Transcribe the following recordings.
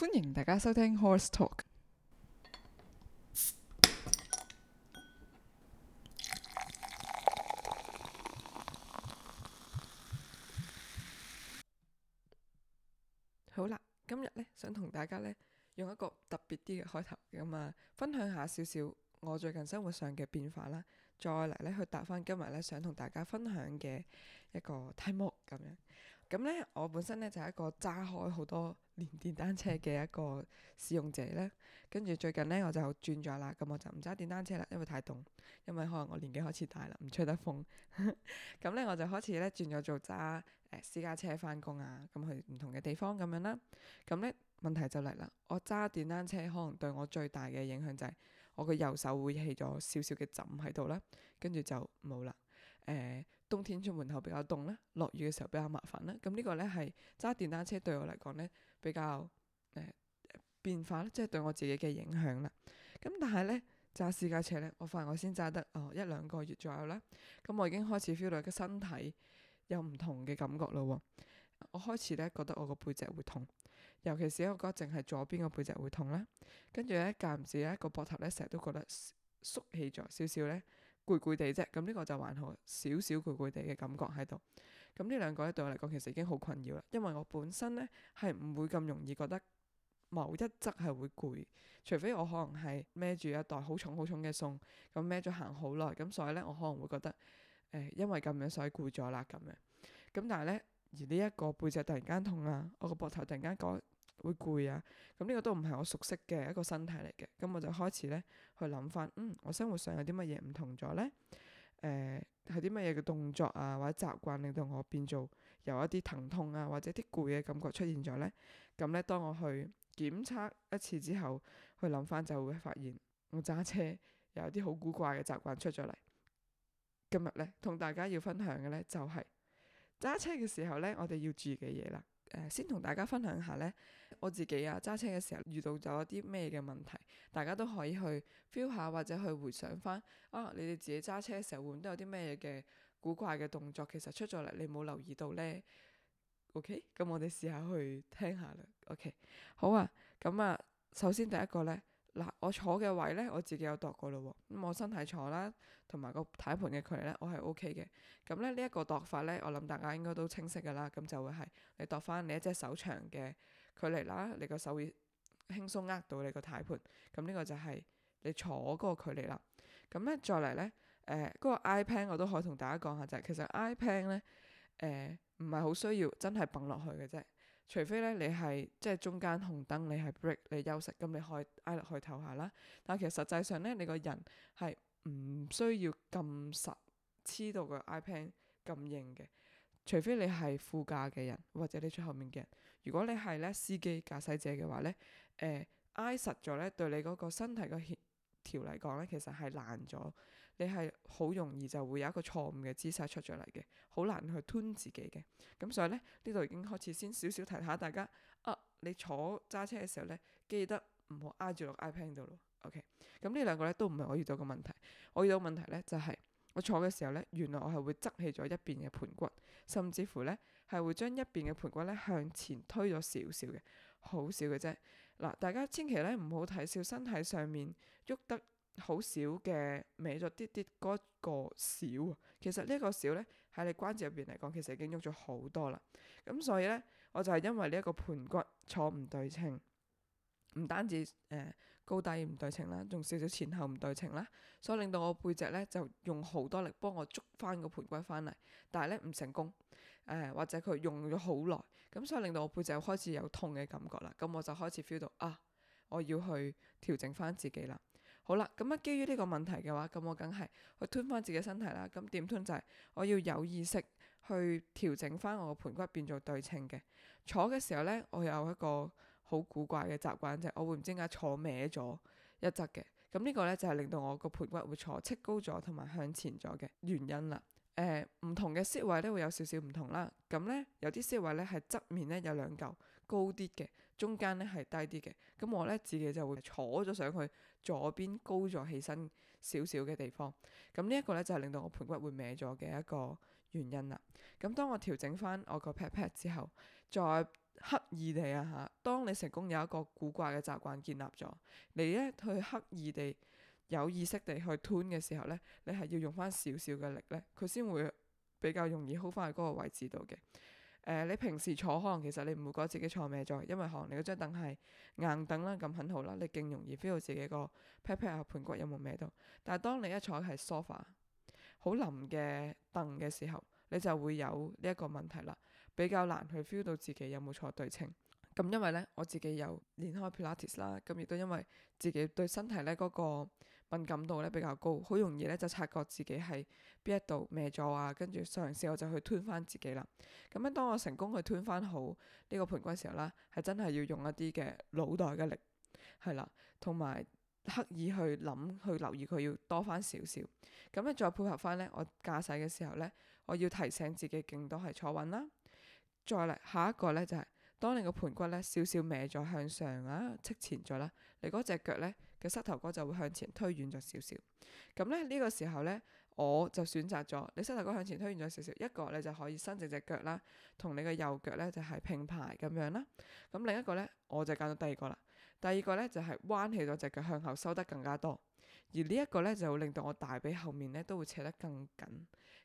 歡迎大家收聽《Horse Talk》。好啦，今日呢，想同大家呢，用一個特別啲嘅開頭咁啊，分享下少少我最近生活上嘅變化啦，再嚟呢，去答翻今日呢，想同大家分享嘅一個題目咁樣。咁呢，我本身呢就係一個揸開好多年電單車嘅一個使用者啦。跟住最近呢，我就轉咗啦。咁我就唔揸電單車啦，因為太凍，因為可能我年紀開始大啦，唔吹得風。咁呢，我就開始呢轉咗做揸私家車返工啊。咁去唔同嘅地方咁樣啦。咁呢問題就嚟啦，我揸電單車可能對我最大嘅影響就係我嘅右手會起咗少少嘅腫喺度啦。跟住就冇啦。誒、呃。冬天出門口比較凍啦，落雨嘅時候比較麻煩啦，咁呢個呢係揸電單車對我嚟講呢比較誒、呃、變化啦，即、就、係、是、對我自己嘅影響啦。咁但係呢，揸私家車呢，我發現我先揸得哦一兩個月左右啦，咁我已經開始 feel 到個身體有唔同嘅感覺嘞喎，我開始呢覺得我個背脊會痛，尤其是我覺得淨係左邊個背脊會痛啦，跟住呢，間唔時呢個膊頭呢，成日都覺得縮起咗少少呢。攰攰地啫，咁呢個就還好少少攰攰地嘅感覺喺度。咁呢兩個咧，對我嚟講其實已經好困擾啦，因為我本身咧係唔會咁容易覺得某一側係會攰，除非我可能係孭住一袋好重好重嘅餸，咁孭咗行好耐，咁所以咧我可能會覺得誒、呃、因為咁樣所以攰咗啦咁樣。咁但係咧而呢一個背脊突然間痛啦，我個膊頭突然間會攰啊！咁呢個都唔係我熟悉嘅一個身體嚟嘅，咁我就開始呢去諗翻，嗯，我生活上有啲乜嘢唔同咗呢？誒係啲乜嘢嘅動作啊，或者習慣令到我變做有一啲疼痛啊，或者啲攰嘅感覺出現咗呢？咁呢，當我去檢測一次之後，去諗翻就會發現，我揸車有啲好古怪嘅習慣出咗嚟。今日呢，同大家要分享嘅呢，就係揸車嘅時候呢，我哋要注意嘅嘢啦。誒，先同大家分享下呢。我自己啊，揸車嘅時候遇到咗啲咩嘅問題，大家都可以去 feel 下或者去回想翻啊。你哋自己揸車嘅時候會唔會都有啲咩嘅古怪嘅動作？其實出咗嚟你冇留意到呢？OK，咁我哋試下去聽下啦。OK，好啊。咁啊，首先第一個呢，嗱，我坐嘅位呢，我自己有度過啦。咁我身體坐啦，同埋個軚盤嘅距離呢，OK，我係 OK 嘅。咁呢，呢一個度法呢，我諗大家應該都清晰噶啦。咁就會係你度翻你一隻手長嘅距離啦，你個手會輕鬆握到你個軚盤，咁呢個就係你坐嗰個距離啦。咁呢再嚟呢，誒、呃、嗰、那個 iPad 我都可以同大家講下就係、是，其實 iPad 呢，誒唔係好需要真係揼落去嘅啫，除非呢，你係即係中間紅燈你係 break 你休息，咁你可以挨落去唞下啦。但其實實際上呢，你個人係唔需要咁實黐到個 iPad 咁硬嘅，除非你係副駕嘅人或者你坐後面嘅人。如果你係，呢司機駕駛者嘅話呢，誒、呃、挨實咗呢，對你嗰個身體嘅協調嚟講呢，其實係難咗，你係好容易就會有一個錯誤嘅姿勢出咗嚟嘅，好難去吞自己嘅。咁所以呢，呢度已經開始先少少提下大家，啊，你坐揸車嘅時候呢，記得唔好挨住落 iPad 度咯。OK，咁呢兩個呢都唔係我遇到嘅問題，我遇到問題呢就係、是、我坐嘅時候呢，原來我係會側起咗一邊嘅盤骨，甚至乎呢。係會將一邊嘅盤骨呢向前推咗少少嘅，好少嘅啫。嗱，大家千祈呢唔好睇小身體上面喐得好少嘅歪咗啲啲嗰個少，其實呢個少呢，喺你關節入邊嚟講，其實已經喐咗好多啦。咁所以呢，我就係因為呢一個盤骨坐唔對稱，唔單止誒高低唔對稱啦，仲少少前後唔對稱啦，所以令到我背脊呢，就用好多力幫我捉翻個盤骨翻嚟，但係呢，唔成功。誒或者佢用咗好耐，咁所以令到我背脊開始有痛嘅感覺啦，咁我就開始 feel 到啊，我要去調整翻自己啦。好啦，咁啊基於呢個問題嘅話，咁我梗係去鍛翻自己身體啦。咁點鍛，就係我要有意識去調整翻我個盤骨變做對稱嘅。坐嘅時候呢，我有一個好古怪嘅習慣，就係我會唔知點解坐歪咗一側嘅，咁呢個呢，就係令到我個盤骨會坐側高咗同埋向前咗嘅原因啦。誒唔、呃、同嘅座位呢會有少少唔同啦，咁呢，有啲座位呢係側面呢有兩嚿高啲嘅，中間呢係低啲嘅，咁我呢，自己就會坐咗上去左邊高咗起身少少嘅地方，咁呢一個呢，就係、是、令到我盆骨會歪咗嘅一個原因啦。咁當我調整翻我個 pat pat 之後，再刻意地啊嚇，當你成功有一個古怪嘅習慣建立咗，你呢，去刻意地。有意識地去吞嘅時候呢，你係要用翻少少嘅力呢。佢先會比較容易好翻喺嗰個位置度嘅。誒、呃，你平時坐可能其實你唔會覺得自己坐歪咗，因為可能你嗰張凳係硬凳啦，咁很好啦，你勁容易 feel 到自己個 pat pat 啊盤骨有冇歪到。但係當你一坐係 sofa，好冧嘅凳嘅時候，你就會有呢一個問題啦，比較難去 feel 到自己有冇坐對稱。咁因為呢，我自己有練開 Pilates 啦，咁亦都因為自己對身體呢、那、嗰個。敏感度呢，比較高，好容易呢就察覺自己係邊一度歪咗啊，跟住嘗試我就去推翻自己啦。咁樣當我成功去推翻好呢個盤骨時候呢，係真係要用一啲嘅腦袋嘅力，係啦，同埋刻意去諗去留意佢要多翻少少。咁樣再配合翻呢，我駕駛嘅時候呢，我要提醒自己勁多係坐穩啦。再嚟下一個呢就係、是，當你個盤骨呢少少歪咗向上啊，側前咗啦，你嗰隻腳呢。嘅膝頭哥就會向前推遠咗少少，咁呢，呢個時候呢，我就選擇咗，你膝頭哥向前推遠咗少少，一個你就可以伸直隻腳啦，同你嘅右腳呢，就係並排咁樣啦，咁另一個呢，我就揀到第二個啦，第二個呢，就係彎起咗隻腳向後收得更加多，而呢一個呢，就會令到我大髀後面呢，都會扯得更緊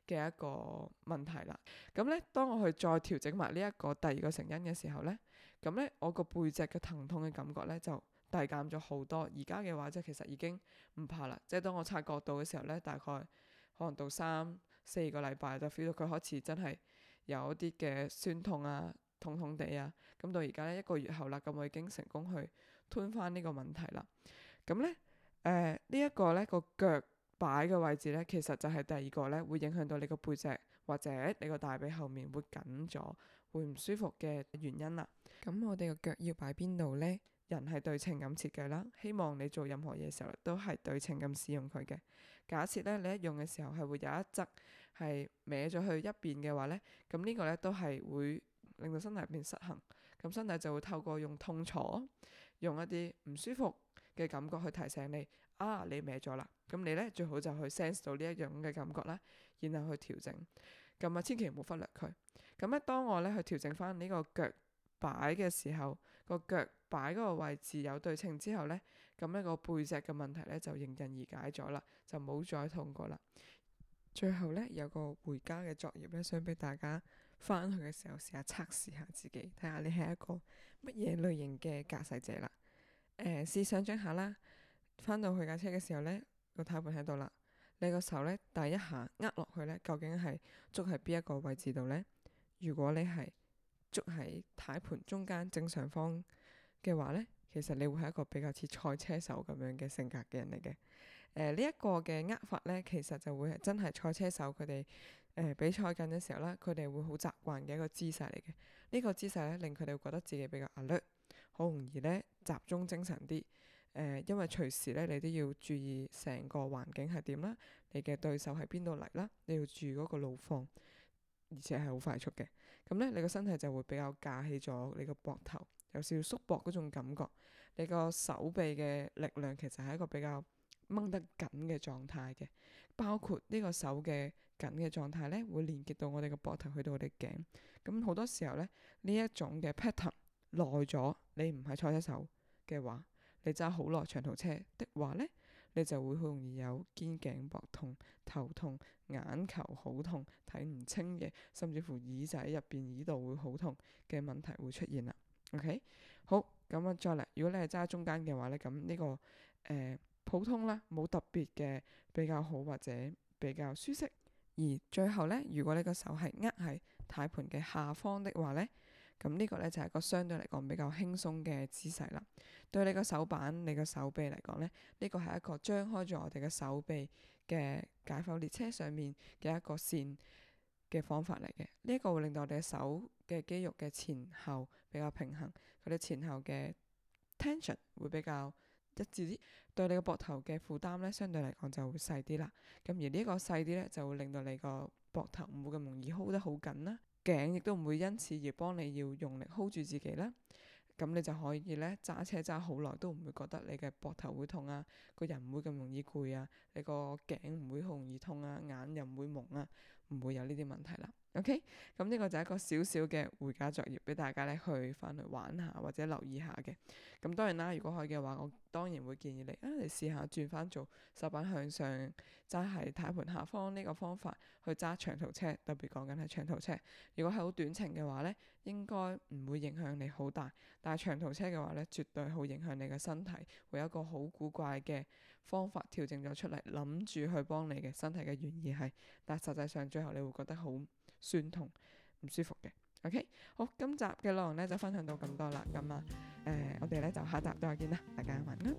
嘅一個問題啦，咁呢，當我去再調整埋呢一個第二個成因嘅時候呢，咁呢，我個背脊嘅疼痛嘅感覺呢，就。大減咗好多，而家嘅話即係其實已經唔怕啦。即係當我察覺到嘅時候，呢大概可能到三四個禮拜就 feel 到佢開始真係有一啲嘅酸痛啊、痛痛地啊。咁到而家呢，一個月後啦，咁我已經成功去吞翻呢個問題啦。咁呢，誒呢一個呢個腳擺嘅位置呢，其實就係第二個呢，會影響到你個背脊或者你個大髀後面會緊咗、會唔舒服嘅原因啦。咁我哋個腳要擺邊度呢？人係對稱咁設計啦，希望你做任何嘢嘅時候都係對稱咁使用佢嘅。假設呢，你一用嘅時候係會有一側係歪咗去一邊嘅話呢，咁呢個呢都係會令到身體入邊失衡，咁身體就會透過用痛楚、用一啲唔舒服嘅感覺去提醒你啊，你歪咗啦。咁你呢最好就去 sense 到呢一樣咁嘅感覺啦，然後去調整。咁啊，千祈唔好忽略佢。咁咧，當我呢去調整翻呢個腳擺嘅時候。個腳擺嗰個位置有對稱之後呢，咁呢個背脊嘅問題呢就迎刃而解咗啦，就冇再痛過啦。最後呢，有個回家嘅作業呢，想俾大家翻去嘅時候試下測試下自己，睇下你係一個乜嘢類型嘅駕駛者啦。誒、呃，試想象下啦，翻到去架車嘅時候呢，個軚盤喺度啦，你個手呢，第一下握落去呢，究竟係捉喺邊一個位置度呢？如果你係。捉喺軚盤中間正上方嘅話呢，其實你會係一個比較似賽車手咁樣嘅性格嘅人嚟嘅。呢、呃、一、這個嘅握法呢，其實就會係真係賽車手佢哋、呃、比賽緊嘅時候呢，佢哋會好習慣嘅一個姿勢嚟嘅。呢、這個姿勢呢，令佢哋會覺得自己比較 alert，好容易呢集中精神啲、呃。因為隨時呢，你都要注意成個環境係點啦，你嘅對手喺邊度嚟啦，你要注意嗰個路況，而且係好快速嘅。咁呢，你個身體就會比較架起咗你個膊頭，有少少縮膊嗰種感覺。你個手臂嘅力量其實係一個比較掹得緊嘅狀態嘅，包括呢個手嘅緊嘅狀態呢，會連接到我哋個膊頭去到我哋頸。咁好多時候呢，呢一種嘅 pattern 耐咗，你唔係賽車手嘅話，你揸好耐長途車的話呢，你就會好容易有肩頸膊痛、頭痛、眼球好痛、睇唔清嘅，甚至乎耳仔入邊耳道會好痛嘅問題會出現啦。OK，好咁啊，再嚟。如果你係揸中間嘅話呢，咁呢個誒、呃、普通啦，冇特別嘅比較好或者比較舒適。而最後呢，如果你個手係握喺軚盤嘅下方嘅話呢。咁呢個咧就係一個相對嚟講比較輕鬆嘅姿勢啦，對你個手板、你個手臂嚟講咧，呢個係一個張開咗我哋嘅手臂嘅解剖列車上面嘅一個線嘅方法嚟嘅。呢個會令到我哋手嘅肌肉嘅前後比較平衡，佢哋前後嘅 tension 會比較一致啲，對你個膊頭嘅負擔咧相對嚟講就會細啲啦。咁而呢個細啲咧，就會令到你個膊頭唔會咁容易 hold 得好緊啦。頸亦都唔會因此而幫你要用力 hold 住自己啦，咁你就可以呢揸車揸好耐都唔會覺得你嘅膊頭會痛啊，個人唔會咁容易攰啊，你個頸唔會好容易痛啊，眼又唔會矇啊，唔會有呢啲問題啦。OK，咁、嗯、呢、這個就係一個小小嘅回家作業俾大家咧，去翻去玩下，或者留意下嘅。咁、嗯、當然啦，如果可以嘅話，我當然會建議你啊，你試下轉翻做手板向上揸喺軚盤下方呢個方法去揸長途車，特別講緊係長途車。如果係好短程嘅話呢，應該唔會影響你好大。但係長途車嘅話呢，絕對好影響你嘅身體。會有一個好古怪嘅方法調整咗出嚟，諗住去幫你嘅身體嘅原意係，但係實際上最後你會覺得好酸痛唔舒服嘅，OK，好，今集嘅內容咧就分享到咁多啦，咁啊，誒，我哋咧就下集再見啦，大家晚安。